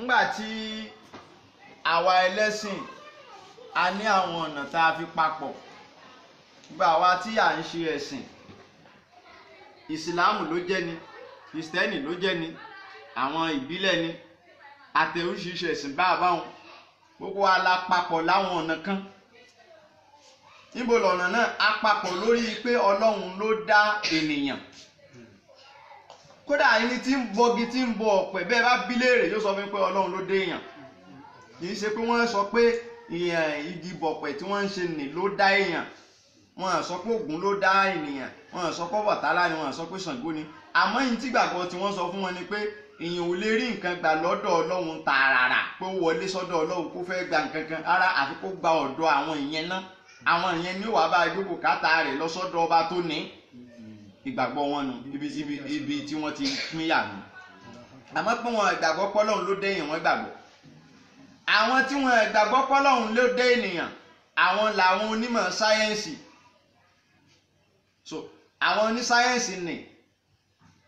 ńgbà tí àwa ẹlẹ́sìn a ní àwọn ọ̀nà tá a fi papọ̀ gbà wá tí à ń ṣe ẹ̀sìn ìsìláàmù ló jẹ́ ni kìrìsìtẹ́nì ló jẹ́ ni àwọn ìbílẹ̀ ni àti oríṣiríṣi ẹ̀sìn bá a gbogbo wa láwọn ọ̀nà kan níbo lọ̀nà náà a lórí pé ọlọ́run ló dá ènìyàn kódà ẹni tí ń bọgi tí ń bọ ọ̀pẹ bẹ́ẹ̀ bá bí léèrè yóò sọ fún mi pé ọlọ́run ló dé èèyàn kì í ṣe pé wọ́n sọ pé igi bọ̀pẹ̀ tí wọ́n ń ṣe nì ló dá èèyàn wọ́n sọ pé Ògún ló dá ènìyàn wọ́n sọ pé Ọbàtálá ni wọ́n sọ pé Ṣàngó ni àmọ́ yìí tí gbàgbọ́ tí wọ́n sọ fún wọn ni pé èèyàn ò lè rí nǹkan gbà lọ́dọ̀ ọlọ́run tààràrà pé ó wọlé sọ́dọ̀ ọlọ́run kó fẹ́ẹ́ gba nǹkan kan ara àfi kó gba ọ̀dọ̀ àwọn ìyẹn náà àwọn ìyẹn ni wàá bá gbogbo kátà rẹ̀ lọ ọba tó ní ìgbàgbọ́ wọn nù ibi tí wọ́n ti pín yà nù àmọ́ pé wọn ìgbàgbọ́ pọ́lọ́hún ló dé èèyàn wọn gbàgbọ́ àwọn tí wọn ìgbàgbọ́ pọ́lọ́hún ló dé ènìyàn àwọn làwọn onímọ̀ sáyẹ́ǹsì so àwọn onísáyẹ́ǹsì ni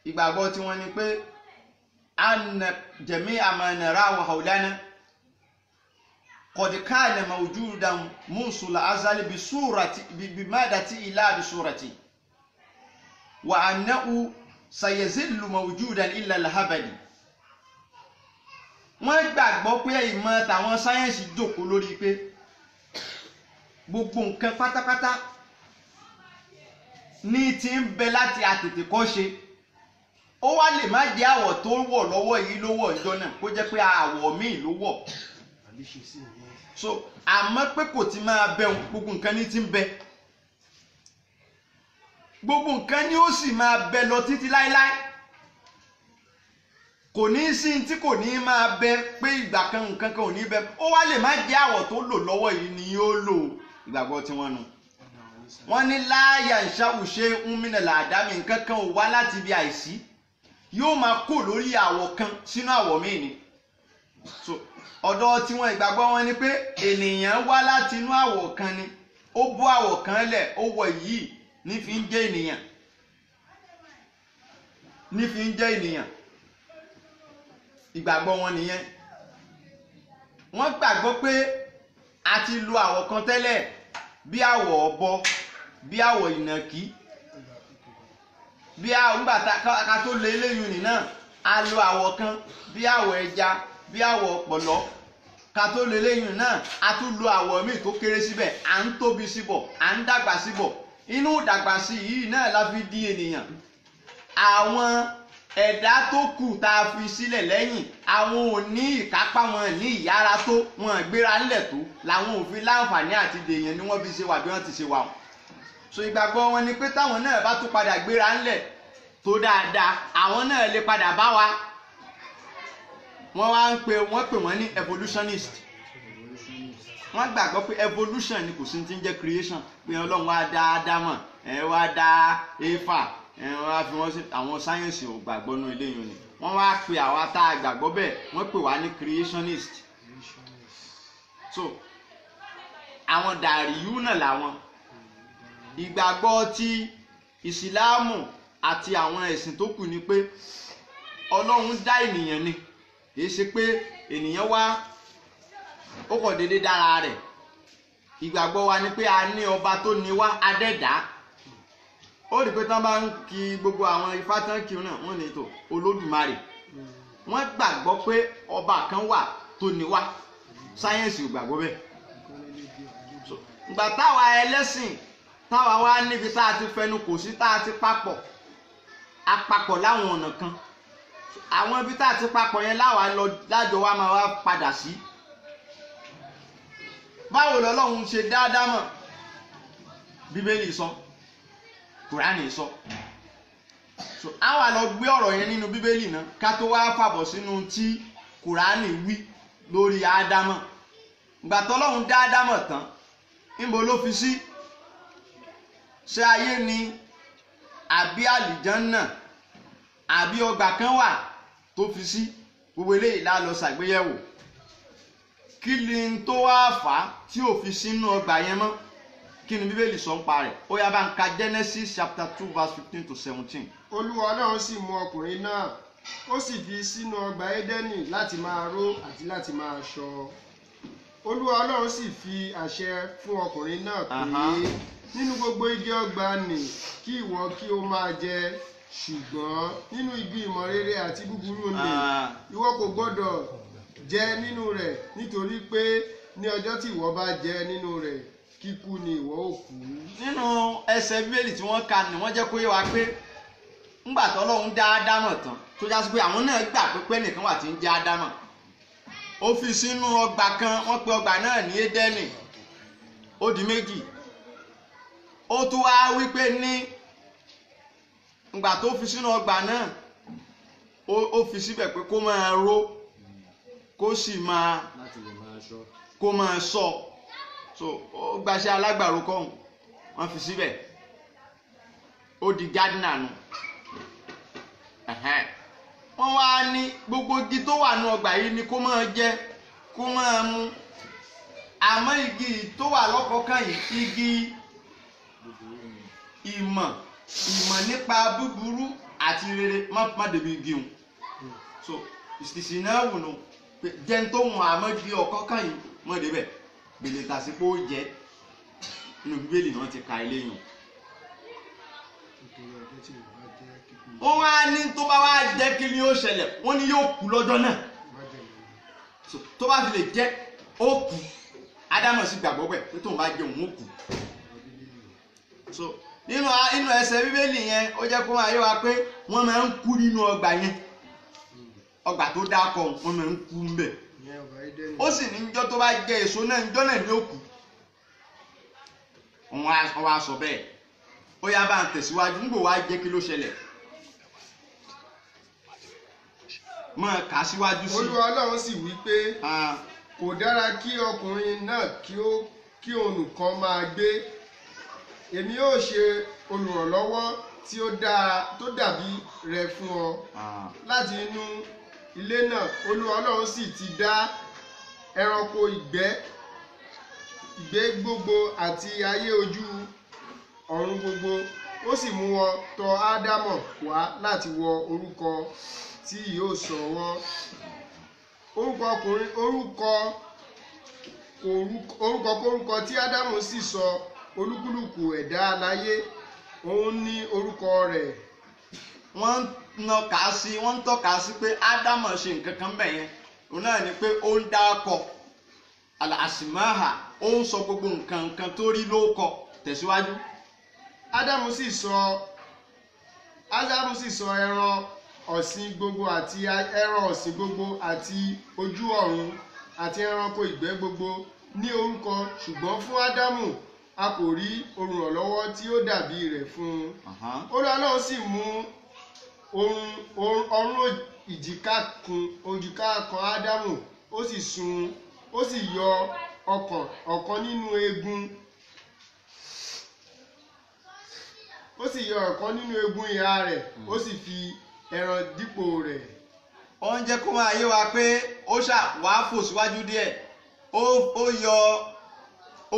ìgbàgbọ́ tiwọn ni pé anna jẹ̀mí àmàlẹ́ra àwọn àwòlánà kọ̀díkàlẹ̀ mawjudan mùsùlùmí azali bí súrati bí mẹ́ẹ̀dá tí ilá bí súrati wa annahu sayazillu mawjudan illa al-habadi wọ́n gbàgbọ́ pé ìmọ̀ tàwọn sáyẹ́ǹsì jókòó lórí pé gbogbo nǹkan pátápátá ní ti ń bẹ láti àtètè kọ́ ṣe ó wá lè má jẹ́ àwọ̀ tó wọ̀ lọ́wọ́ yìí ló wọ̀ ìjọ náà kó jẹ́ pé àwọ̀ míì ló so àmọ́ pé kò ti máa bẹun gbogbo nǹkan ní ti ń bẹ gbogbo nǹkan ni ó sì máa bẹ lọ títí láéláé kò ní í sí tí kò ní í máa bẹ pé ìgbà kan nǹkan kan ò ní í bẹ ó wá lè má jẹ́ àwọ̀ tó lò lọ́wọ́ yìí ni yóò lò ìgbàgbọ́ tí wọ́n nu wọ́n ní láàyà ìṣàwùṣe ńmìnàlà àdámì nǹkan kan ò wá láti ibi àìsí yóò máa kó lórí àwọ̀ kan sínú àwọ̀ míì ni ọ̀dọ̀ tiwọn ìgbàgbọ́ wọn ni pé ènìyàn wá láti inú àwọ̀ kan ni ó bọ́ àwọ̀ kan lẹ̀ ó wọ̀ yìí nífi ń jẹ́ ènìyàn nífi ń jẹ́ ènìyàn ìgbàgbọ́ wọn nìyẹn wọ́n gbàgbọ́ pé a ti lo àwọ̀ kan tẹ́lẹ̀ bí àwọ̀ ọ̀bọ bí àwọ̀ ìnàkí bí àwọn nígbà ká tó lé eléyìí nì náà a lo àwọ̀ kan bí àwọ̀ ẹja bí àwọ̀ ọ̀pọ̀lọ́ ká tó lé eléyìí náà a tún lo àwọ̀ míì tó kéré síbẹ̀ à ń tóbi síbọ̀ à ń dàgbà síbọ̀ inú ìdàgbàsí yìí náà la fi di ènìyàn àwọn ẹ̀dá tó kù tá a fi sílẹ̀ lẹ́yìn àwọn ò ní ìkápá wọn ní ìyára tó wọn gbéra ńlẹ̀ tó làwọn ò fi láǹfààní àti dèèyàn ni wọ́n fi ṣe wà bí wọ́n ti ṣe wà wọn. so ìgbàgbọ́ wọn ni pé táwọn náà bá tún padà gbéra ńlẹ̀ tó dáadáa àwọn náà lè padà bá wa wọ́n wá ń pè wọ́n pè wọ́n ní evolutionist wọ́n gbàgbọ́ pé evolution ni kò sí ti ń jẹ́ creation pé ọlọ́run wá dá ádámọ̀ ẹ wá dá éfà ẹ wọ́n á fi wọ́n sí àwọn sáyẹ́ǹsì ò gbàgbọ́ nú eléyìí ni wọ́n wá pe àwa tá a gbàgbọ́ bẹ́ẹ̀ wọ́n pè wá ní creationist so àwọn dàríyú náà làwọn ìgbàgbọ́ ti ìsìláàmù àti àwọn ẹ̀sìn tó kù ni pé ọlọ́run dá ènìyàn ni kì ṣe pé ènìyàn wá ó kàn déédé dára rẹ̀ ìgbàgbọ́ wa ni pé a ní ọba tó ní wá adẹ́dá ó rí i pé tán bá ń ki gbogbo àwọn ifá tán kiri náà wọ́n ní tò olódùmarè wọ́n gbàgbọ́ pé ọba kan wà tó ní wá sáyẹ́ǹsì ò gbàgbọ́ bẹ́ẹ̀ ìgbà táwa ẹlẹ́sìn táwa wá níbi tá a ti fẹnu kò sí tá a ti papọ̀ apapọ̀ láwọn ọ̀nà kan àwọn ibi tá a ti papọ̀ yẹn láwa lọ lájọ wa máa wá padà sí. Si báwo lọ́lọ́run ṣe dáadáa mọ̀ bíbélì sọ kùránì sọ so a wà lọ gbé ọ̀rọ̀ yẹn nínú bíbélì náà ká tó wá fàbọ̀ sínú tí kùránì wí lórí ádámọ̀ ìgbà tọ́lọ́run dá ádámọ̀ tán níbo ló fi sí ṣé ayé ni àbí àlìjánná àbí ọgbà kan wà tó fi sí gbogbo eléyìí la lọ ṣàgbéyẹ̀wò kí ni tó wá fà á tí ò fi sínú ọgbà yẹn mọ́ kí ni bíbélì sọ ń pa ó yá bá ń ka genesis chapter two verse fifteen to seventeen. olúwa náà sì mú ọkùnrin náà ó sì fi sínú ọgbà édẹ́nì láti máa ró àti láti máa ṣọ olúwa ọlọ́run sì fi àṣẹ fún ọkùnrin náà pé nínú gbogbo igi ọgbà nì kí ìwọ kí o máa jẹ ṣùgbọ́n nínú igi ìmọ̀ rere àti búburú nì ìwọ kò gbọ́dọ̀ jẹ nínú rẹ̀ nítorí pé ní ọjọ́ tí ìwọ bá jẹ nínú rẹ̀ kíkú ni ìwọ ó kú. nínú ẹsẹ̀ bíbélì tí wọ́n kà ni wọ́n jẹ́ kó yé wa pé ńgbà tọ́lọ́run dá Ádámọ̀ tán tó já sí pé àwọn náà gbà pé pẹ́nìkan wà tí ń jẹ́ Ádámọ̀ ó fi sínú ọgbà kan wọ́n pe ọgbà náà ní Édẹ́nì ó di méjì ó tún wá wípé ní ńgbà tó fi sínú ọgbà náà ó fi síbẹ̀ pé kó máa ró kó sì máa kó máa sọ so ó gbaṣẹ́ alágbàro kọ́hún wọ́n fi síbẹ̀ ó di gardener nù wọ́n wá ní gbogbo igi tó wà nù ọgbà yìí ni kó máa jẹ kó máa mu àmọ́ igi tó wà lọ́kọ̀ọ̀kan yìí igi ìmọ̀ ìmọ̀ nípa búburú àti rere má débi igi hùn so ìsìnà wù nù. No jẹun tó wọn àmọ́gbé ọkọ́ kàn yìí mọ́ débẹ̀ gbèlè tàsípò jẹ́ inú bíbélì náà ti ka eléyìí. wọ́n wá ní tó bá wá jẹ́ kí ni yóò ṣẹlẹ̀ wọ́n ní yóò kú lọ́jọ́ náà tó bá fi lè jẹ́ ó kú ádámọ̀ sì gbàgbọ́ pẹ̀ pé tóun bá jẹun ó kú. nínú ẹsẹ̀ bíbélì yẹn ó jẹ́ kó máa yé wa pé wọ́n máa ń kú nínú ọgbà yẹn ọgbà tó dákọ̀ wọn máa ń kú mbẹ̀ ó sì ní njọ́ tó bá jẹ èso náà njọ́ náà ni ó kú òun á sọ bẹ́ẹ̀ ó yá bá ń tẹ̀síwájú nígbò wá jẹ́ kí ló ṣẹlẹ̀ mọ̀ ká síwájú sí. olúwa ọlọ́run sì wí pé kò dára kí ọkùnrin náà kí ó kí olùkan máa gbé èmi yóò ṣe olùrànlọ́wọ́ tí ó dáa tó dàbí rẹ̀ fún ọ láti inú ilé náà olúwa ọlọ́run sì ti dá ẹranko ìgbẹ́ ìgbẹ́ gbogbo àti ayé ojú ọ̀run gbogbo ó sì mú wọn tọ ádámọ̀ wá láti wọ orúkọ tí yóò sọ wọ́n orúkọ ọkùnrin orúkọ orúkọ kórúkọ tí ádámù sì sọ olúkúlùkù ẹ̀dá aláyé òun ní orúkọ rẹ̀ wọ́n nàka sí wọ́n ń tọ́ka sí pé ádámù ṣe nǹkan kan bẹ̀ yẹn òun náà ni pé ó ń dá ọkọ̀ àsìmáhà ó ń sọ gbogbo nǹkan nǹkan tó rí ló kọ tẹ̀síwájú. ádámù sì sọ ádámù sì sọ ẹran ọ̀sìn gbogbo àti ẹran ọ̀sìn gbogbo àti ojú ọ̀run àti ẹranko ìgbẹ́ gbogbo ní orúkọ ṣùgbọ́n fún ádámù a kò rí olùrànlọ́wọ́ tí ó dàbí rẹ̀ fún un. ó lọ́ọ́ sì mú ọrùn ìjìká ádámù yọ ọkàn nínú egun ó sì yọ fi ẹran dípò re. ó kó máa yé wa pé ó ṣà wá fò síwájú yọ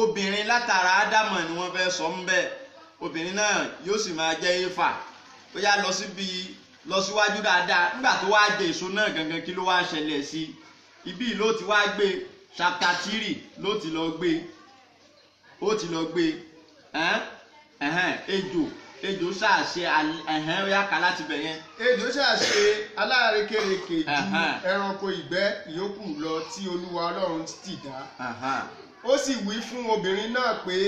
obìnrin látara ádámù ni wọ́n sọ ń bẹ́ẹ̀ obìnrin náà yóò sì máa jẹ́ éfà ó yá lọ lọ síwájú dáadáa nígbà tó wáá jẹ èso náà gangan kí ló wáá ṣẹlẹ̀ sí i ibí ló ti wáá gbé chapter three ló ti lọ gbé ó ti lọ gbé ejò ejò ṣàṣe ẹ̀hẹ́n yàkà láti bẹ̀ yẹn. ejò ṣàṣe aláàrékèrèkè ju ẹranko ìgbẹ́ ìyókù lọ tí olúwa ọlọ́run ti dá. ó sì wí fún obìnrin náà pé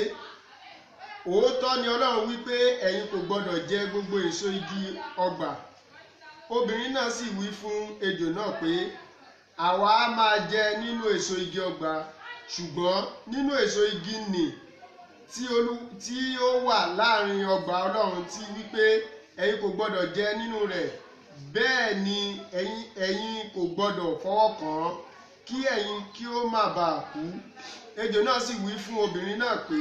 òótọ́ ni ọlọ́run wí pé ẹ̀yin kò gbọ́dọ̀ jẹ gbogbo èso igi ọgbà obìnrin náà sì wí fún ejò náà pé àwa á máa jẹ nínú èso igi ọgbà ṣùgbọ́n nínú èso igi nì tí ó wà láàrin ọgbà ọlọ́run ti wípé ẹ̀yin kò gbọ́dọ̀ jẹ nínú rẹ̀ bẹ́ẹ̀ ni ẹ̀yin kò gbọ́dọ̀ fọwọ́ kàn án kí ẹ̀yin kí ó má bàa kú ejò náà sì wí fún obìnrin náà pé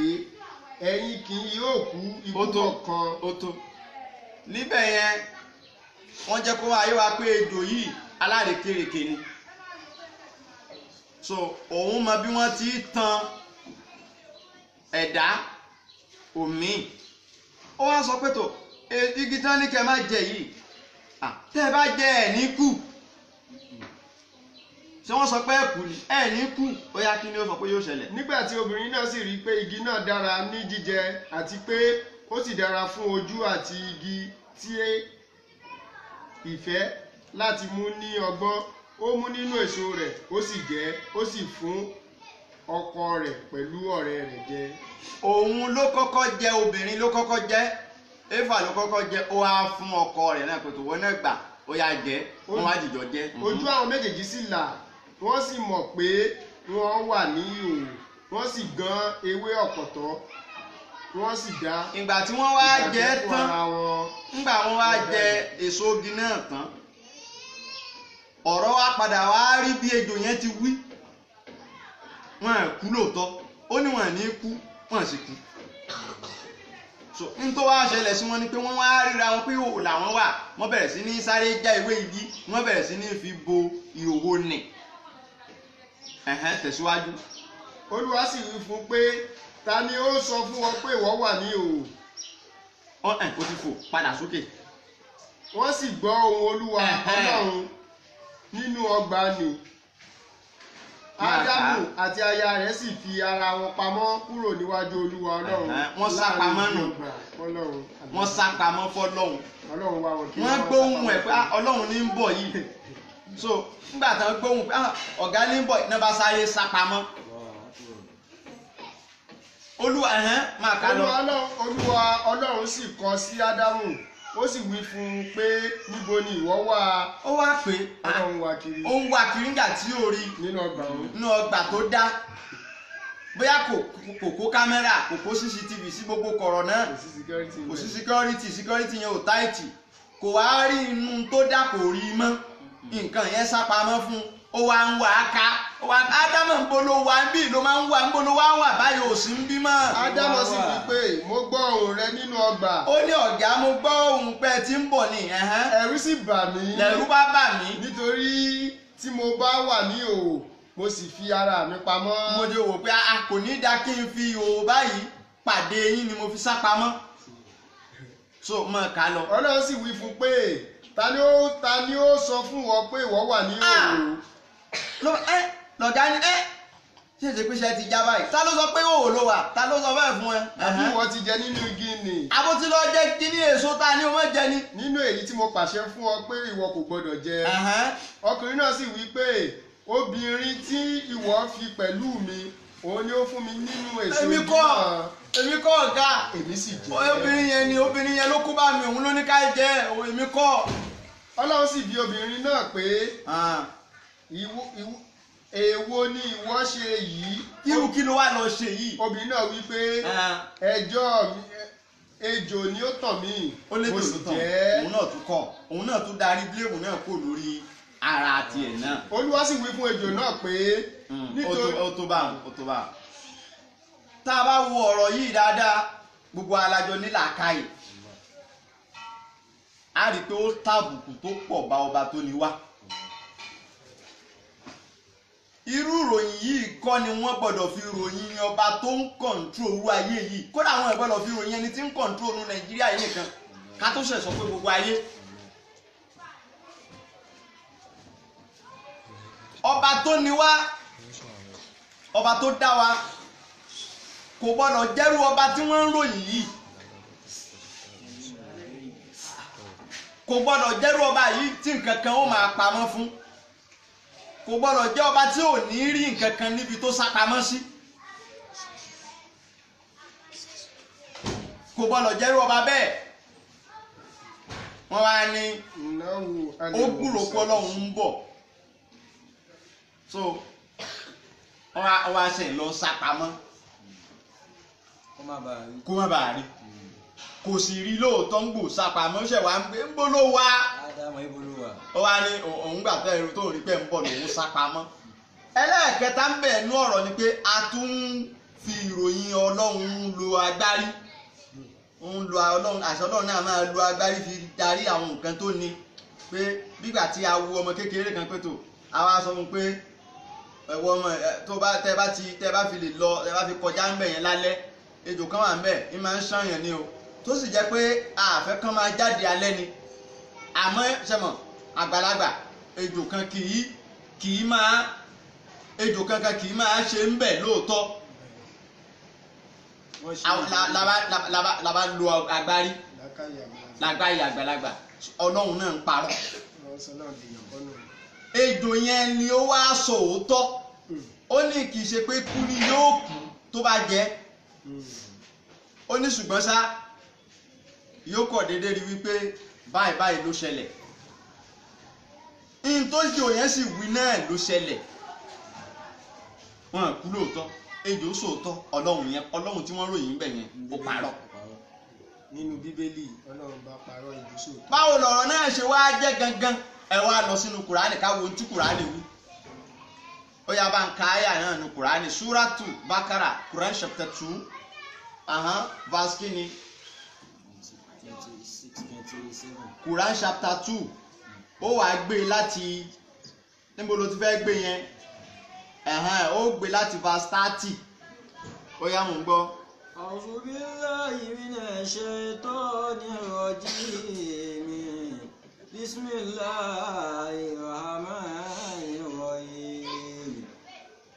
ẹ̀yin kì yóò kú ikú ọ̀kan. ó tó níbẹ̀ yẹn wọ́n jẹ́ kó ayé wa pé ejò yìí alárekereke ni so òun mọ bí wọ́n ti tan ẹ̀dá omi ó wá sọ pé tó e, igi tán ní kẹ́ má jẹ yìí tẹ́ ẹ bá jẹ ẹ̀ ní kù ṣé wọ́n sọ pé ẹ̀kú ni ẹ̀ ní kú ó yá kí ni ó sọ pé yóò ṣẹlẹ̀. nígbà tí obìnrin náà sì rí i pé igi náà dára ní jíjẹ àti pé ó sì dára fún ojú àti igi tí ìfẹ́ láti mú ní ọgbọ́n ó mú nínú èso rẹ̀ ó sì jẹ ó sì fún ọkọ rẹ̀ pẹ̀lú ọ̀rẹ́ rẹ̀ jẹ. òun ló kọ́kọ́ jẹ obìnrin ló kọ́kọ́ jẹ éfà ló kọ́kọ́ jẹ ó wá fún ọkọ rẹ̀ náà kòtò wọ́n náà gbà ó yà jẹ wọ́n wá jìjọ jẹ. ojú àwọn méjèèjì sì là wọ́n sì mọ̀ pé wọ́n wà ní ìhòòhò wọ́n sì gan ewé ọ̀pọ̀tọ́ wọ́n sì dá ìgbà tí wọ́n wá jẹ tán ńgbà wọ́n wá jẹ èso ogi náà tán ọ̀rọ̀ wa padà wá rí bí ejò yẹn ti wí wọn ẹ̀ kú lóòótọ́ ó ní wọn ẹ̀ ní kú wọn sì kú so n tó wá ṣẹlẹ̀ sí wọn ni pé wọ́n wá ríra wọn pé òòlà wọn wà wọ́n bẹ̀rẹ̀ sí ní sáré já ewé igi wọ́n bẹ̀rẹ̀ sí ní fi bo ìhòòhò nì ẹ̀hẹ́n tẹ̀síwájú olúwa sì wí fún pé ta ni ó sọ fún ọ pé ìwọ wà ní òò. ọ ẹ o ti fò padà sókè. wọ́n sì gbọ́ ohùn olúwa ọlọ́run nínú ọgbà nì. ádámù àti aya rẹ̀ sì fi ara wọn pamọ́ kúrò níwájú olúwa ọlọ́run. wọ́n sá pamọ́ nù wọ́n sá pamọ́ fọlọ́run. wọ́n gbóhùn ẹ̀ pé ah, ọlọ́run ní ń bọ̀ yìí so nígbà tí wọ́n gbóhùn pé ah, ọ̀gá ní ń bọ̀ iná bá sáré sá pamọ́ olúwa ẹ̀hán máa kà lọ. olúwa ọlọ́run sì kọ sí ádámù ó sì wí fún un pé níbo ni ìwọ wà. ó wá pé ó ń wá kiri ó ń wá kiri nígbà tí ó rí nínú ọgbà tó dá bóyá kò kó kámẹ́rà kò kó cctv sí gbogbo kọ̀rọ̀ náà kò sí security security yẹn ò táìtì kò wá rí inú tó dà kò rí mọ́ nǹkan yẹn sápamọ́ fún ó wá ń wá a ká ádámù ń bolo wa ń bí ló máa ń wà ń bolo wa ń báyìí ò sí ń bí mọ́. ádámù sì wí pé mo gbọ́ ohùn rẹ nínú ọgbà. ó ní ọ̀gá mo gbọ́ ohùn pé tí ń bọ̀ ni. ẹ̀rù sì bà mí. lẹ̀rù bá bà mí. nítorí tí mo bá wà ní òwò mo sì fi ara mi pamọ́. mo lè wò pé a ah, kò ní dá kí n fi òwò báyìí pàdé yín ni mo fi sá pamọ́ so mọ ká lọ. ọlọ́run sì wí fún pé ta ni ó ta ni ó sọ fún ọ pé ìwọ wà ní òru lọ̀gá ni ẹ́ ṣe ṣe pé ṣe ti já báyìí ta ló sọ pé òwò ló wà ta ló sọ bẹ́ẹ̀ fún ẹ. àbí ìwọ ti jẹ nínú igi ni. àbó ti lọ jẹ kíní èso ta ni o mọ jẹ ni. nínú èyí tí mo pàṣẹ fún ọ pé ìwọ kò gbọdọ̀ jẹ. ọkùnrin náà sì wí pé obìnrin tí ìwọ fi pẹ̀lú mi òun ni ó fún mi nínú èso yìí náà. èmi kọ́ èmi kọ́ ọ̀gá. èmi sì jẹ. obìnrin yẹn ni obìnrin yẹn ló kó bá mi òun ló ní ká jẹ èmi kọ́. ọlọ́run sì bi obìnrin náà pé èwo ni ìwọ ṣe yìí. irú kí ló wá lọ ṣe yìí. obìnrin náà wí pé ah. ẹjọ́ mi ejò ni ó tàn mí. ó lè dòdò tán òun náà tún kọ òun náà tún darí bíléèmù náà kò lórí ara tiẹ̀ náà. olúwa sì wí fún ejò náà pé. Hmm. nítorí ó tó bá ó tó bá. tá a bá wo ọ̀rọ̀ yìí dáadáa gbogbo alájọ ní làákàyè a rí i pé ó tàbùkù tó pọ̀ bá ọba tó ní wá irú ìròyìn yìí kọ́ ni wọ́n gbọ́dọ̀ fi ròyìn ọba tó ń kọ̀ǹtró orú ayé yìí kódà àwọn ẹ̀ gbọ́dọ̀ fi ròyìn ẹni tí ń kọ̀ǹtró orú nàìjíríà yìí nìkan ká tó ṣẹ̀ sọ pé gbogbo ayé. ọba tó ni wá ọba tó dá wa kò gbọ́dọ̀ jẹ́rú ọba tí wọ́n ń ròyìn yìí kò gbọ́dọ̀ jẹ́rú ọba yìí tí nǹkan kan ó máa pamọ́ fún kò gbọ́dọ̀ jẹ́ ọba tí ò ní rí nǹkan kan níbi tó sápamọ́ sí kò gbọ́dọ̀ jẹ́rú ọba bẹ́ẹ̀ wọ́n wá ní ó gbúrò pé ọlọ́run ń bọ̀ so wọ́n wá ṣe lọ sápamọ́ kó má bàa rí kò sì rí lóòótọ́ ń gbò sápamọ́ ṣẹ̀ wá ń gbé ń bolo wa ó wá ní òun gbà tẹ́ irú tó rí pẹ́ ń bọ̀ lòun sápamọ́ ẹlẹ́ẹ̀kẹta ń bẹ̀ nú ọ̀rọ̀ ni pé a tún ń fi ìròyìn ọlọ́run lo agbárí ń lo ọlọ́run àṣẹ ọlọ́run náà máa lo agbárí fi darí àwọn nǹkan tó ní pé bígbà tí a wo ọmọ kékeré kan pé tó a wá sọ fún pé ẹwọ ọmọ tó bá tẹ bá ti tẹ bá fi lè lọ tẹ bá fi kọjá ń bẹ̀ yẹn lálẹ́ ejò kan wà ń bẹ̀ ń máa ń ṣàyàn ni o tó sì jẹ́ pé àfẹ́ kan máa jáde alẹ́ ni àmọ́ sẹ́mọ̀ àgbàlagbà ejò kan kì í kì í máa ejò kankan kì í máa ṣe ń bẹ̀ lóòótọ́ làbá lo agbárí lágbáyé àgbàlagbà ọlọ́run náà ń parọ́ ejò yẹn ni ó wá sọ òótọ́ hmm. ó ní kì í ṣe pé kú ni yóò kú tó bá jẹ́ hmm. ó ní ṣùgbọ́n sá yóò kọ̀ déédé rí wípé báyìí báyìí ló ṣẹlẹ̀ n tó jò yẹn sì wí náà ló ṣẹlẹ̀ wọn kú lóòótọ́ ejò sòótọ́ ọlọ́run yẹn ọlọ́run tí wọ́n ròyìn bẹ̀ yẹn ó parọ́ nínú bíbélì ọlọ́run bá parọ́ ejò sòótọ́. báwo lọ̀rọ̀ náà ṣe wá jẹ́ gangan ẹ wá lọ sínú kùránì káwo ohun tí kùránì wí ó yá bá ń ka àyà náà nu kùránì súrátù bákàrà kùránì chapter two verse kínní Quran chapter two ó wàá gbé láti níbo ló ti fẹ́ gbé yẹn ó gbé láti verse thirty ó yá mò ń gbọ́. A'udhu billahi minash shaitani rajim bismillahi rahmani rahim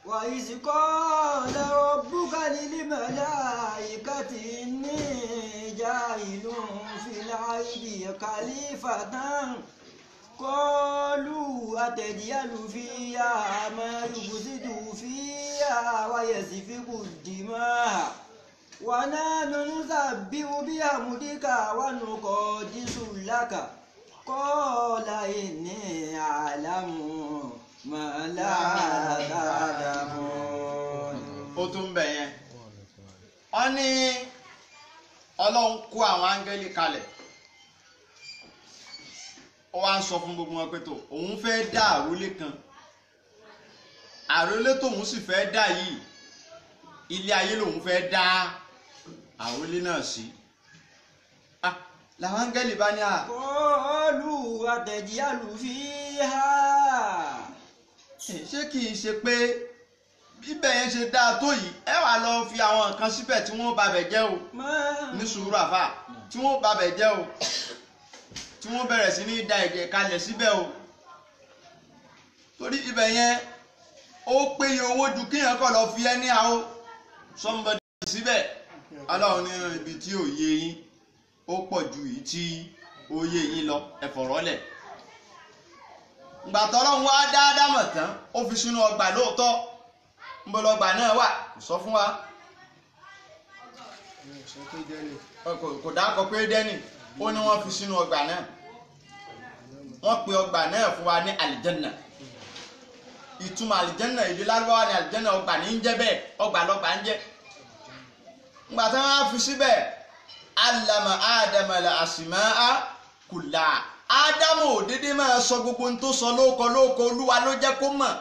wa iz qala rabbuka lil malaikati inni ja'ilun العيد خليفة قالوا أتجعل فيها ما يفسد فيها ويسفك الدماء ونحن نسبح بحمدك ونقدس لك قال إني أعلم ما لا تعلمون ó tún bẹ̀ yẹn ó ní ọlọ́run kó àwọn áńgẹ́lì kalẹ̀ ó wá ń sọ fún gbogbo wọn pé tó òun fẹ́ dá àrólé kan àrólé tóun sì fẹ́ dá yìí ilé ayé lòun fẹ́ dá àrólé náà sí ah, làwọn áńgẹ́lì bá ní à. kọ́ọ̀lù àtẹ̀jí àlùfí ha. ṣé kì í ṣe pé bíbẹ̀ yẹn ṣe dáa tó yìí ẹ wà lọ fi àwọn nǹkan síbẹ̀ tí wọ́n babẹ̀ jẹ́ o ní sùúrù àfà tí wọ́n babẹ̀ jẹ́ o tí wọ́n bẹ̀rẹ̀ sí ní da ẹ̀jẹ̀ kalẹ̀ síbẹ̀ o torí ibẹ̀ yẹn ó péye owó ju kéèyàn kọ̀ lọ fi ẹni àwọ somebody síbẹ̀ aláwọ̀ ní ibi tí ò yé yín ó pọ̀ ju èyí tí ó yé yín lọ ẹ̀fọ̀rọ̀lẹ̀ gbàtọ́ lọ́hún wá dáadáa mọ̀ tán ó fi sínú ọgbà lóòótọ́ nbọlọgbà náà wà kò sọ fún wa kò dákọ pé dẹ́nì ó ní wọ́n fi sínú ọgbà náà wọ́n pe ọgbà náà fún wa ní àlìjẹ́nà ìtumọ̀ àlìjẹ́nà èdè lárúbáwá ni àlìjẹ́nà ọgbà ní ń jẹ́ bẹ́ẹ̀ ọgbà lọ́gbà ń jẹ́ ngbà tí wọ́n fi síbẹ̀ alama adama la asima a kùlà ádámù òdédé máa sọ gbogbo ohun tó sọ lóko lóko olúwa ló jẹ́ kó mọ̀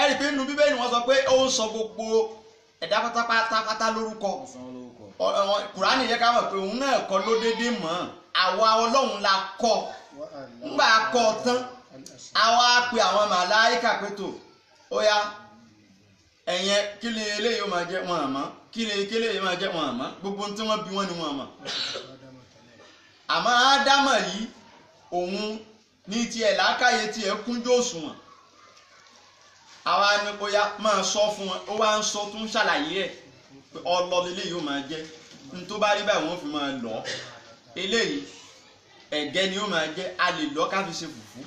ẹ pé nínú bíbélì wọ́n sọ pé ó ń sọ gbogbo ẹ̀dá pátápátá lórúkọ kùránì yẹ ká mọ̀ pé òun náà kọ́ ló déédéé mọ̀ àwa ọlọ́run la kọ́ ńgbà kọ́ tán àwa pe àwọn màláìkà pé tó ó yá ẹ̀yẹn kí ni eléyìí máa jẹ́ wọn àmọ́ kí ni kí eléyìí máa jẹ́ wọn àmọ́ gbogbo tí wọ́n bí wọ́n ni wọn àmọ́ àmọ́ ádámọ̀ yìí òun ní tiẹ̀ làákàyè tiẹ̀ kúnjú òṣùwọ̀n àwa ni ó yá máa sọ fún wọn ó wá ń sọ tó ń ṣàlàyé ẹ̀ ọlọ́ni lè yóò máa jẹ́ n tó bá rí báyìí wọ́n fi máa lọ eléyìí ẹ̀gẹ́ ni ó máa jẹ́ a lè lọ ká fi ṣe fùfú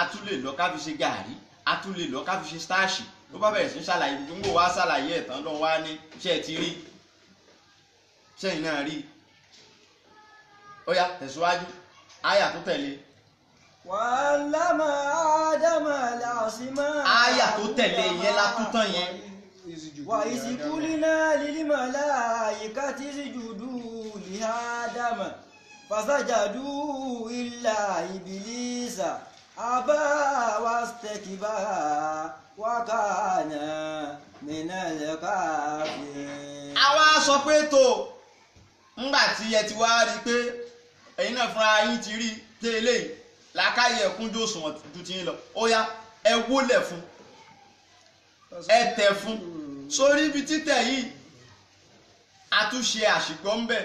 a tún lè lọ ká fi ṣe gàárì a tún lè lọ ká fi ṣe stáàṣì ló bá bẹ̀rẹ̀ sí ń ṣàlàyé gbogbo wa ṣàlàyé ẹ̀ tán lọ́wọ́ á ní ṣe ti rí sẹ́yìn náà rí ó yá tẹ̀síwájú àyà tó tẹ̀lé. wàhálà máa dámà làásì máa. àyà tó tẹ̀lé yẹn látúntàn yẹn. وإذ قلنا للملائكة اسجدوا لآدم فسجدوا إلا إبليس أبى واستكبر وكان من الكافرين. àwa sọ pé tó ńgbà tí ẹ ti wá rí i pé ẹ̀yin náà fúnra yín ti rí i pé eléyìí làákàyè ẹ̀kúnjó sùn ju ti yín lọ ó yá ẹ wólẹ̀ ẹ tẹ̀ fún sórí ibi títẹ̀ yìí àtúnṣe àṣìkò ń bẹ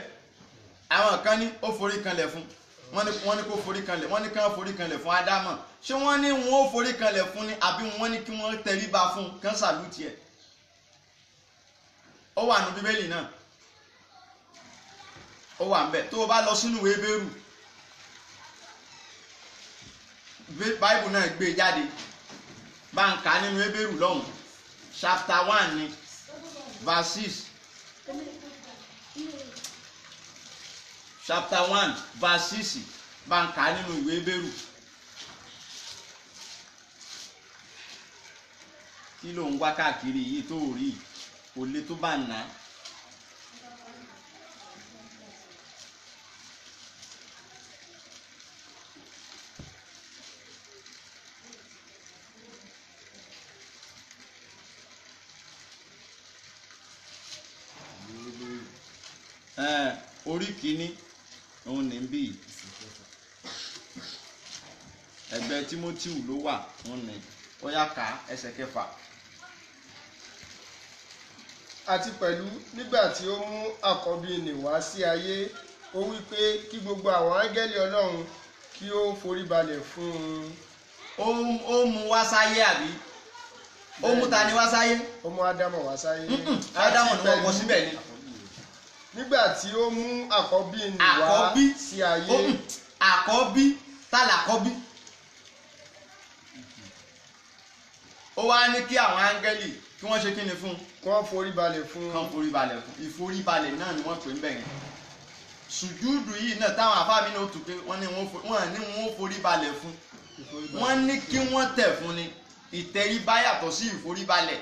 àwọn kan ní ó forí kanlẹ̀ fún wọ́n ní wọ́n ní kó forí kanlẹ̀ wọ́n ní kí wọ́n forí kanlẹ̀ fún ádámọ̀ ṣé wọ́n ní wọ́n ó forí kanlẹ̀ fún ni àbí wọ́n ní kí wọ́n tẹríba fún kán sàlùtì ẹ̀ ó wà nù bíbélì náà ó wà ń bẹ tó o bá lọ sínú ìwé bẹ́rù báìbù náà gbé e jáde bá ń kà á nínú ebéèrú lọ́hùn chapter one ni verse six chapter one verse six bá ń kà á nínú ìwé bẹ́rù. kí ló ń wá káàkiri yìí tó rí kò tó bá ń ná. timothy ló wà fún ni ó yá ká ẹsẹ̀ kẹfà àti pẹ̀lú nígbà tí ó mú àkọ́bí nì wá sí ayé ó wí pé kí gbogbo àwọn áńgẹ́lì ọlọ́run kí ó foríbalẹ̀ fún un. ó mú wá sáyé àbí ó mú ta ni wá sáyé. ó mú ádámù wá sáyé. ádámù ni wọ́n kọ síbẹ̀ ni. nígbà tí ó mú àkọ́bí nì wá sí ayé. àkọ́bí tá wá ní kí àwọn áńgẹ́lì kí wọ́n ṣe kí ni fún. kán forí balẹ̀ fún. kán forí balẹ̀ fún ìforí balẹ̀ náà ni wọ́n pè ń bẹ̀ yẹn. sùjúdù yìí náà táwọn afáàmì náà tù pé wọ́n ní wọ́n forí balẹ̀ fún. wọ́n ní kí wọ́n tẹ̀ fún ni ìtẹríba yàtọ̀ sí ìforíbalẹ̀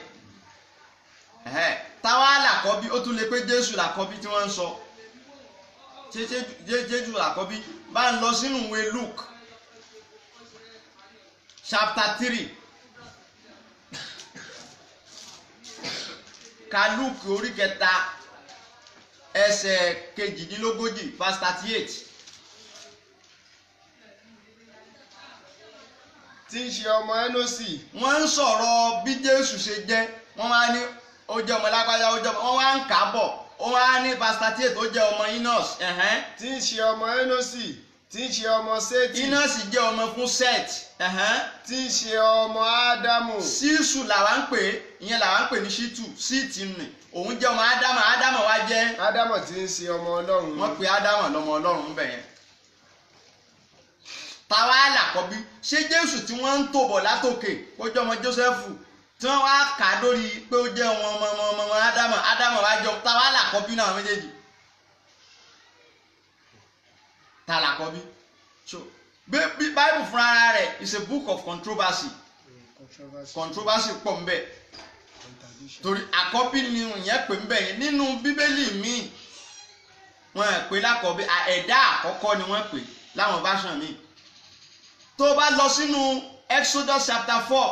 táwa làkọ́bí ó tún lè pé jésù làkọ́bí tí wọ́n ń sọ jésù làkọ́bí bá ń lọ sínú ìwé luke chapter three ka lúùkù orí kẹta ẹsẹ̀ kejìdínlógójì verse thirty eight tí ń ṣe ọmọ ẹnọsì. wọ́n ń sọ̀rọ̀ bí jésù ṣe jẹ́ wọ́n máa ní ó jẹ́ ọmọ lágbájá ó jẹ́ ọmọ wọ́n wá ń kà á bọ̀ ó wá ní verse thirty eight ó jẹ́ ọmọ inos. tí ń ṣe ọmọ ẹnọsì tí ń ṣe ọmọ sétì. iná jẹ́ ọmọ fún set. tí ń ṣe ọmọ adamu. ṣíṣù làwa ń pè é ìyẹn làwa ń pè ní ṣítù síìtì nì òun jẹ́ ọmọ ádámù Adamu wa jẹ́. ádámù tí ń ṣe ọmọ ọlọ́run. wọ́n pe ádámù lọ́mọ ọlọ́run bẹ̀ yẹn. táwa làkọ́bí ṣé jésù tí wọ́n ń tòbọ̀ látòkè kó jẹ́ ọmọ jósẹ́fù tí wọ́n wá kà á lórí pé ó jẹ́ ọmọ ọmọ ọmọ ádámù ádámù wa jọ táwa làkọ́bí náà méjèèjì. Tala la so bible fúnra ara rẹ̀ is a book of controversy controversy pọ̀ nbẹ̀ torí àkọ́bí ni ìyẹn pè ń bẹ̀ yẹn nínú bíbélì míì wọ́n ẹ̀ pé lákọ̀ọ́bí ẹ̀dá àkọ́kọ́ ni wọ́n pè láwọn version míì tó bá lọ sínú exodus chapter four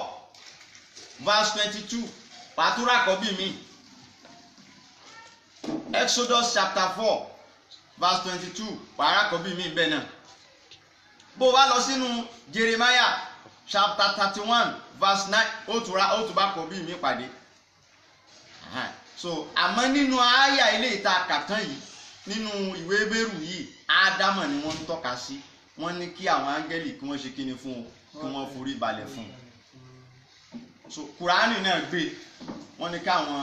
verse twenty-two pàtúrà àkọ́bí míì exodus chapter four verse twenty two wàhálà kan bíi mí bẹ́ẹ̀ náà bó o bá lọ sínú Jeremiah chapter thirty one verse nine ó tún ra ó tún bá kan bíi mí pàdé so àmọ́ nínú àyà ilé ìta kàtán yìí nínú ìwé Hébérù yìí ádámọ̀ ni wọ́n ń tọ́ka sí wọ́n ní kí àwọn áńgẹ́lì kí wọ́n ṣe kíni fún o kí wọ́n forí balẹ̀ fún o so kùránì náà gbé wọ́n ní káwọn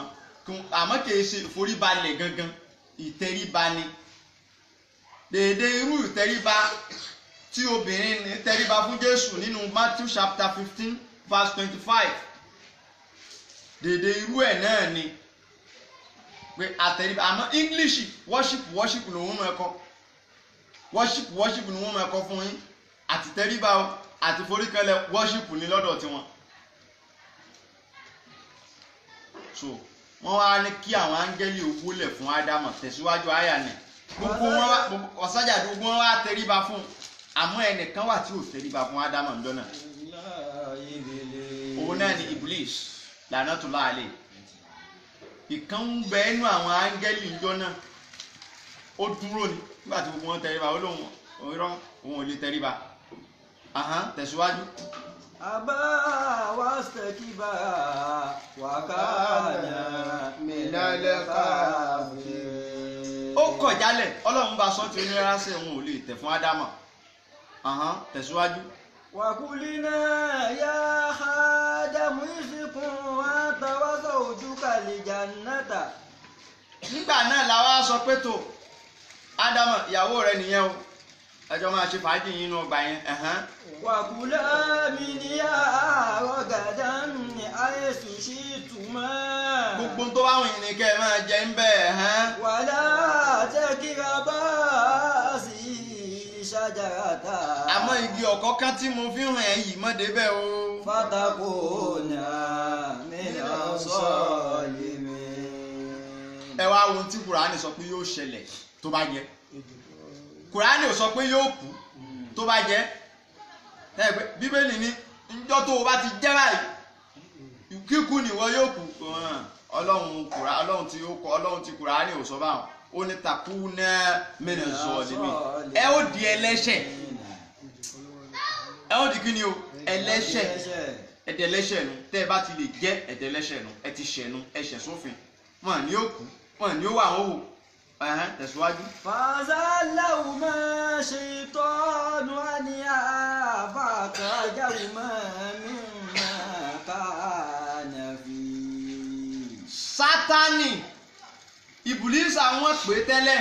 àmọ́ kì í ṣe forí gangan ìtẹríba ni dèédé irú ìtẹríba tí obìnrin ní tẹríba fún Jésù nínú Matthew chapter fifteen verse twenty-five dèédé irú ẹ̀ náà ni pé àtẹríba àmọ́ English worship worship lòun mọ̀ ẹ̀kọ́ worship worship ni wọ́n mọ̀ ẹ̀kọ́ fún yín àti tẹríba o àti foríkẹlẹ̀ worship ní lọ́dọ̀ tiwọn. so wọ́n wá ní kí àwọn áńgẹ́lì ó wólẹ̀ fún Ádámọ̀ tẹ̀síwájú àyà ni gbogbo wọn ọ̀sájà gbogbo wọn wá tẹríba fún àmọ́ ẹnìkan wà tí ò tẹríba fún ádámọ̀ ńjọ́ náà òun náà ni iblis lànà tó láàlè ìkan ń bẹ inú àwọn áńgẹ́lì ńjọ́ náà ó dúró ni nígbà tí gbogbo wọn tẹríba ó lóun òun ò lè tẹríba tẹ̀síwájú. Aba wa sẹ́kíbà wà káàdà mílẹ̀ lẹ́ka fi kọ̀ jálẹ̀ ọlọ́run bá sọ ti onírà sí òun ò lè tẹ̀ fún ádámà tẹ̀síwájú. wàkúlínà yá ádámù ìsìnkún wa tàwásọ̀ ojú kàlẹ̀ jannata. nígbà náà làwa sọ pé tó ádámà ìyàwó rẹ nìyẹn o ẹjọ́ máa ṣe fàájì yín nínú ọgbà yẹn. wàkúlẹ̀ mi ní àárọ̀ gàdá ní àìsùn sí ìtumọ̀. gbogbo tó bá wọ̀nyí ni kẹ́ ẹ máa jẹ ń bẹ̀. wàlá àtẹ́kíra bá a sì ṣàjàrà ta. àmọ́ igi ọ̀kọ̀ọ̀kan tí mo fi hàn ẹ́ yìí mọ́ débẹ̀ o. fàtàkó nà mí lọ sọ yìí mi. ẹ wá ohun tí kùránì sọ pé yóò ṣẹlẹ̀ tó bá yẹ kùránì ò sọ pé yóò kú tó bá jẹ́ ẹgbẹ́ bíbélì ni njọ́ tó o bá ti jẹ́ báyìí kíkú ni ìwọ yóò kú ọlọ́run kùrá ọlọ́run ti ó kọ ọlọ́run ti kùránì ò sọ báwọn ó ní takú náà mìíràn sọ ẹ ó di ẹlẹ́ṣẹ̀ ẹ ó di kí ni o ẹlẹ́ṣẹ̀ ẹ̀dẹ̀lẹ́ṣẹ̀ nu tẹ́ ẹ bá ti lè jẹ́ ẹ̀dẹ̀lẹ́ṣẹ̀ nu ẹ ti ṣẹ̀ nu ẹ ṣẹ̀ sófin wọn ni ó kú wọn ni ó wà ó hù ẹ̀hẹ́n tẹ̀síwájú. fàzàláwù máa ṣe tọ́nu àníyá fàkàjáwù máa mú nàbí. sátani ìbùlísà wọn pè tẹ́lẹ̀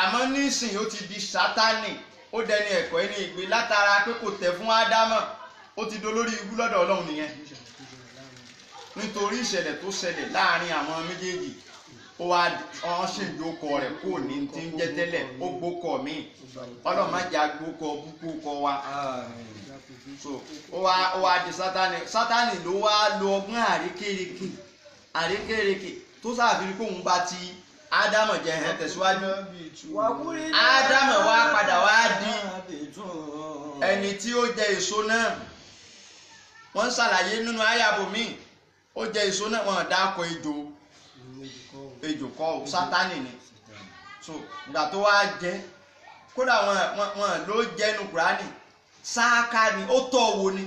àmọ́ nísìnyí ó ti di sátani ó dẹni ẹ̀kọ́ ẹni ìgbé látara pé kò tẹ̀ fún ádámọ̀ ó ti dolórí ibú lọ́dọ̀ ọlọ́run nìyẹn nítorí ìṣẹ̀lẹ̀ tó ṣẹlẹ̀ láàrin àwọn méjèèjì ó wá rẹ ṣèjú ní ti ń ó mi ọlọ́run má wa so ó wá di sátani sátani ló wá lo àríkèrèkè àríkèrèkè tó bá ti ádámọ̀ jẹ ẹ̀ tẹ̀síwájú ádámọ̀ wá padà wá di ẹni tí ó jẹ èso náà wọn ń ṣàlàyé ejò o sátánì ni so ìgbà tó wá jẹ kódà wọn wọn ló jẹnu kúránì sáàká ni ó tọ̀ wo ni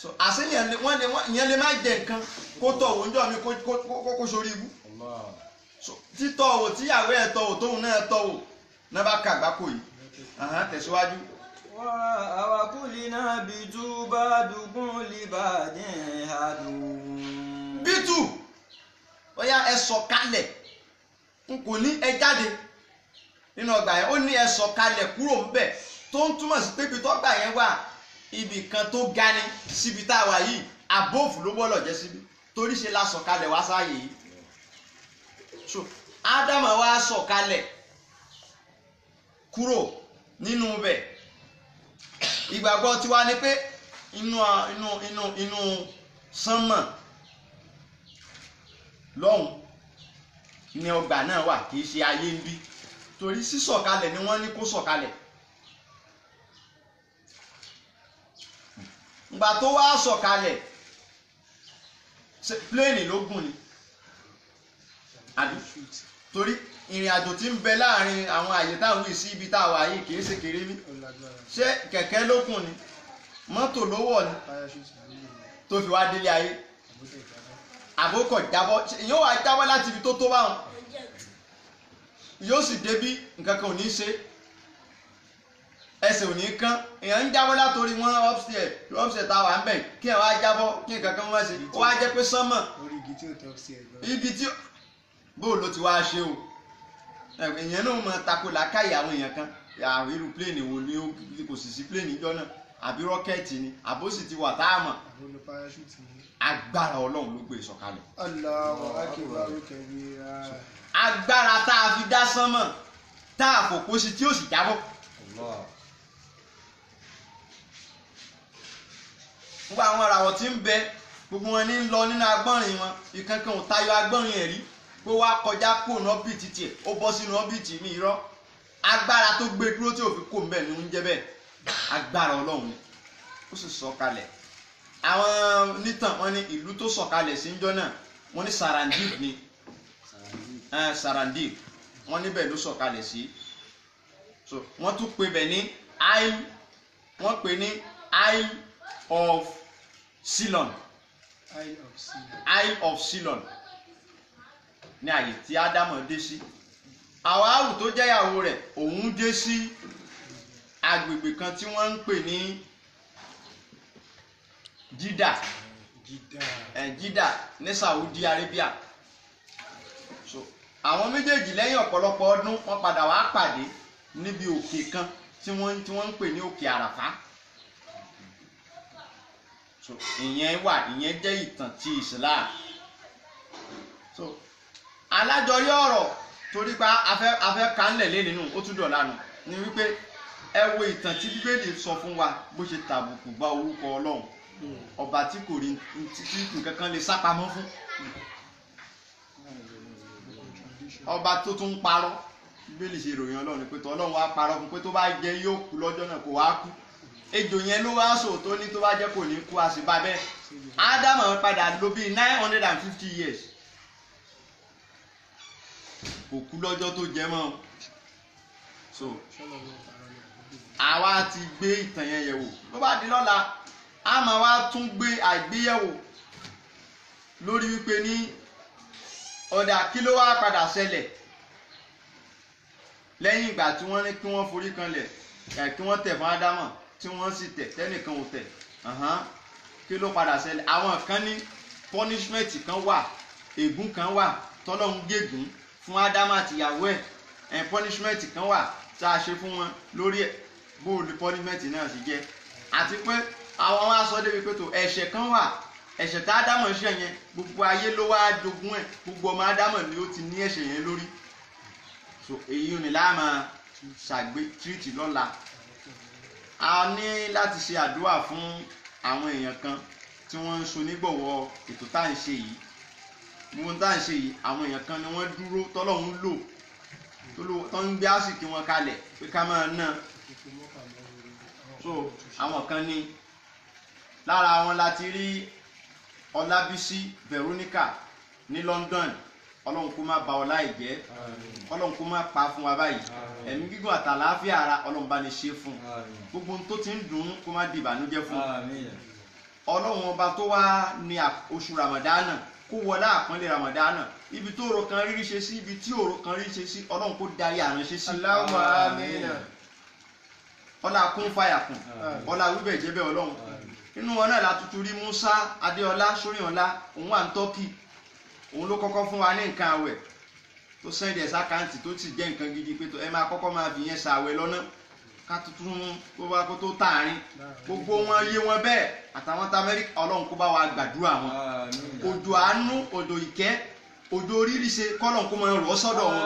so àṣeyàn wọn lè wọn ìyẹn lè má jẹ nǹkan kó tọ̀ wo níjọ́ mi kó sórí ibú so títọ̀ wo tíyàwó ẹ̀ tọ̀ wo tóun náà tọ̀ wo náà bá kàgbá kò yìí tẹ̀síwájú àwàkúlínà bìtú bá dùgún libàdín àdùn. bìtú ọyá ẹ sọ̀kalẹ̀ n kò ní ẹ jáde nínú ọgbà yẹn ó ní ẹ sọ̀kalẹ̀ kúrò ńbẹ̀ tó ń túmọ̀ sí pé ibi tọ́gbà yẹn wà ibì kan tó ga ni síbi tá a wà yìí àbóòfù ló gbọ́dọ̀ jẹ́ síbi torí ṣe la sọ̀kalẹ̀ wá sáàyè yìí so ádámà wá sọ̀kalẹ̀ kúrò nínú bẹ̀ ìgbàgbọ́ tiwa ni pé inú inú inú inú sánmọ̀ lọ́hùn ni ọgbà náà wà kì í ṣe ayé ń bí torí sísọ̀kalẹ̀ ni wọ́n ní kó sọ̀kalẹ̀ ìgbà tó wá sọ̀kalẹ̀ pléènì ló gùn ni torí ìrìn àjò tí ń bẹ láàrin àwọn àyè táwọn yìí sí ibi táwa yìí kì í ṣe kéré mi ṣé kẹ̀kẹ́ ló kùn ni mọ́tò ló wọ̀ ni tó fi wá délé ayé àbókọ̀ jábọ́ yóò wá jábọ́ láti ibi tó tó báwọn yóò sì débí nǹkan kan ò ní ṣe ẹsẹ̀ ò ní kán èèyàn ń jábọ́ látòrí wọn upstairs upstairs tá a wà ń bẹ̀ kí ẹ̀ wá jábọ́ kí nǹkan kan wọ́n ṣe ó wá jẹ́ pé sánmọ̀ igi tí bó ló ti wá ṣe o èèyàn náà mọ tako làákàyè àwọn èèyàn kan àwọn irú pléènì wo ni kò sì sí pléènì ìjọ náà àbí rọ́kẹ́ẹ̀tì ni àbó sì ti wà tá a mọ̀ agbára ọlọ́run ló gbé ìsọ̀kalẹ̀. E ah. agbára tá a fi dá sánmọ̀ tá a kò kó sí tí ó sì jábọ́. gbogbo àwọn arawọ̀ tí ń bẹ gbogbo wọn ní ń lọ nínú agbọ́nrin wọn ìkankan ò tayọ agbọ́nrin ẹ̀rí pé wàá kọjá kó ní ọ́bìtì tiẹ̀ ó bọ́ sínú ọ́bìtì mi irọ́ agbára tó gbé dúró tí òfin kò ń bẹ̀ ni ó ń jẹ́ bẹ́ẹ̀ agbára ọlọ́run ó sì sọ̀kalẹ̀ àwọn nítàn wọn ní ìlú tó sọ̀kalẹ̀ sí ń jọ náà wọn ní sarandib ni sarandib eh, wọn níbẹ̀ ló sọ̀kalẹ̀ sí so wọn tún pè bẹ̀ ní isle wọn pè ní isle of Ceylon isle of Ceylon ní àyè tí ádámọ̀ dé sí àwáwù tó jẹ́yàwó rẹ̀ òun dé sí agbègbè kan tí wọ́n ń pè ní Jida Jida ní Saudi Arabia so àwọn méjèèjì lẹ́yìn ọ̀pọ̀lọpọ̀ ọdún wọ́n padà wá pàdé níbi òkè kan tí wọ́n tí wọ́n ń pè ní òkè àràfá so ìyẹn wà ìyẹn jẹ́ ìtàn ti Islam so alájọyọ̀ ọ̀rọ̀ torí pa afẹ́ afẹ́ kanlẹ̀ lé nínú ó tún dọ̀ lánàá ni wípé ẹ wo ìtàn tí bíbélì sọ fún wa bó ṣe tàbùkù gba orúkọ ọlọ́run ọba tí kò rí tí nǹkan kan lè sápamọ́ fún ọba tó tún ń parọ́ bíbélì ṣe ròyìn ọlọ́run pé tó ọlọ́run wá parọ́ fún pé tó bá jẹ yóò kú lọ́jọ́ náà kó wá kú ejò yẹn ló wá sò tó ní tó bá jẹ́ kò ní kú a bá bẹ́ẹ̀ ádámù padà lò bíi nine hundred and fifty years kò kú lọ́jọ́ tó jẹ mọ́ so àwa ti gbé ìtàn yẹn yẹ̀wò tó bá di lọ́la a máa wá tún gbé àgbéyẹ̀wò lórí wípé ní ọ̀dà kí ló wá padà ṣẹlẹ̀ lẹ́yìn ìgbà tí wọ́n ní kí wọ́n forí kanlẹ̀ kí wọ́n tẹ̀ fún ádámọ̀ tí wọ́n sì tẹ̀ tẹ́nìkan ò tẹ̀ kí ló padà ṣẹlẹ̀ àwọn kan ní punishment kan wà ègún kan wà tọ́lọ́hún gègún fún ádámọ̀ àtìyàwó ẹ̀ punishment kan wà tá a ṣe fún wọn lórí ẹ̀ bó o lè pọ́nímẹ́ǹtì náà ṣe jẹ́ àti pé àwọn wa sọ débi pé tó ẹ̀ṣẹ̀ kan wà ẹ̀ṣẹ̀ tá ádámọ̀ ṣẹ̀ yẹn gbogbo ayé ló wá jogún ẹ̀ gbogbo ọmọ ádámọ̀ ni ó ti ní ẹ̀ṣẹ̀ yẹn lórí so èyí ni láàmà ṣàgbé tírìtì lọ́la a ní láti ṣe àdúrà fún àwọn èèyàn kan tí wọ́n ń so nígbọ̀wọ́ ètò tá à ń ṣe yìí gbogbo tá à ń ṣe yìí àwọn èèyàn kan ni wọ́n dúró tọ́lọ́hún lò tó ń gbé àsìkò wọn kalẹ̀ pé ká máa ná so àwọn kan ní lára wọn la ti rí ọlábísí veronica ní london ọlọ́run kó má ba ọlá ìjẹ́ ọlọ́run kó má pa fún wa báyìí ẹ̀mí gígùn àtàlàáfíà ara ọlọ́run bá ní ṣe fún gbogbo ohun tó ti ń dùn kó má di ìbànújẹ́ fún ọlọ́run ọba tó wá ní oṣù ramadana kó wọlé àpọ́nlé ramadana ibi tó ọ̀rọ̀ kan rírí ṣe sí ibi tí ọ̀rọ̀ kan rírí ṣe sí ọlọ́run kó darí àrùn sí. aláwọ̀ amínà ọlá kún fàyà kún ọlá wíbẹ̀ jẹ́bẹ̀ ọlọ́run nínú wọn náà látútù rí Musa Adéọlá Sóríọlá òun wà ní Tọ́kì òun ló kọ́kọ́ fún wa ní nǹkan àwẹ̀ tó sẹ́ndì ẹ̀ sákàǹtì tó ti jẹ́ nǹkan gidi pé ẹ máa kọ́kọ́ máa fi yẹn ṣàwẹ̀ lọ́nà ká tuntun tó bá kó tó tààrin gbogbo wọn yé wọn bẹ́ẹ̀ àtàwọn tá Amẹ́ríkà ọlọ́run kó bá wa gbàdúrà wọn òjò àánú òjò ìkẹ́ òjò oríire kọ́lọ̀ kó máa rọ̀ sọ́dọ̀ wọn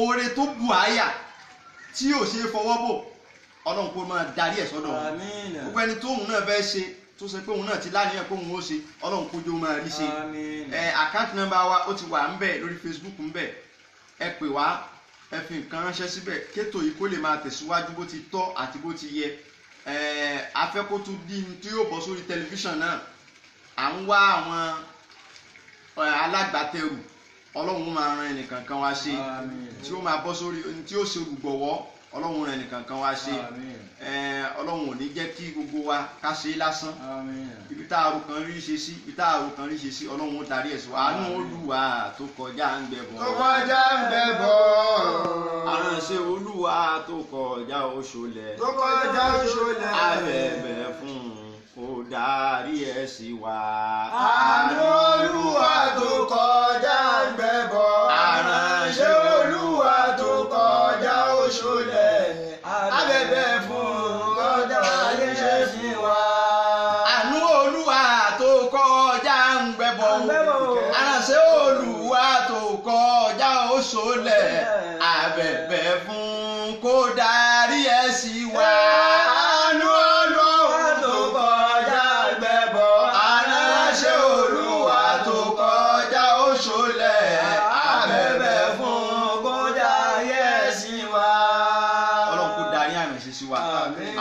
oore tó bu àyà tí ò ṣe é fọwọ́ bò ọlọ́run kó máa darí ẹ̀ sọ́dọ̀ gbogbo ẹni tó òun náà fẹ́ ṣe tó ṣe pé òun náà ti láníyàn pé òun ó ṣe ọlọ́run kó jó máa rí ṣe ẹ àkáǹtì nọ́mbà wa ó ti wà ń bẹ̀ lórí Facebook ń bẹ̀ ẹ pè wá ẹ fi nǹkan ránṣẹ́ síbẹ̀ kétò yìí kó lè máa tẹ̀síwájú bó ti tọ́ àti bó ti yẹ ẹ afẹ́kótó dín tí yóò bọ́ sórí tẹlifíṣàn náà à ń wá àwọn alágbàtẹrù ọlọ́run máa ran ẹnìkan kan wá ṣe tí ó máa bọ́ sórí tí ó ṣe olùgbọ̀wọ́ ọlọ́run ran ẹnìkan kan wá ṣe ọlọ́run ò ní jẹ́ kí gbogbo wa ká ṣe é lásán ibi tá a kan rí ṣe sí ibi tá a kan rí ṣe sí ọlọ́run ó darí ẹ̀sùn àánú olúwa tó kọjá ń bẹ bọ̀. tó kọjá ń bẹ bọ̀. aránṣẹ́ olúwa tó kọjá oṣù lẹ̀. tó kọjá oṣù lẹ̀. abẹ́bẹ̀ fún un kó dárí ẹ̀ sí wa. àánú olúwa tó kọjá ń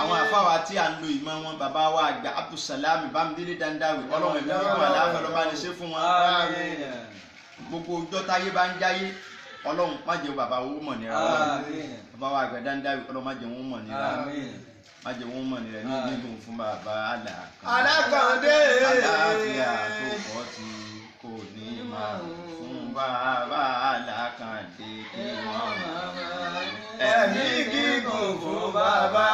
àwọn àfáwà tí a ń lo ìmọ̀ wọn bàbá wa àgbà abdulsalami bámidélé dandawe ọlọ́run ẹ̀mí wọn aláfẹ́ ló bá ní ṣe fún wọn gbogbo ọjọ́ táyé bá ń jáyé ọlọ́run má jẹ́ bàbá owó mọ̀ nira wọn bàbá wa àgbà dandawe ọlọ́run má jẹ́ wọn mọ̀ nira má jẹ́ wọn mọ̀ nira ní ìgbìmọ̀ fún bàbá àlàkàn alákàndé àlàáfíà tó kọ́ ti kò ní máa fún bàbá àlàkàndé kí wọ́n mọ̀ ẹ̀mí gígùn fún bàbá.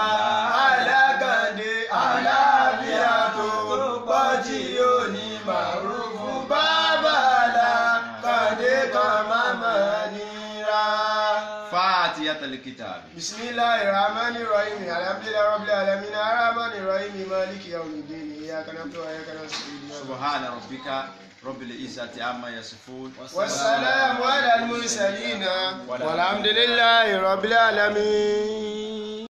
بقية الكتاب بسم الله الرحمن الرحيم الحمد لله رب العالمين الرحمن الرحيم مالك يوم الدين إياك نعبد وإياك نستعين سبحان ربك رب العزة عما يصفون والسلام على المرسلين والحمد لله رب العالمين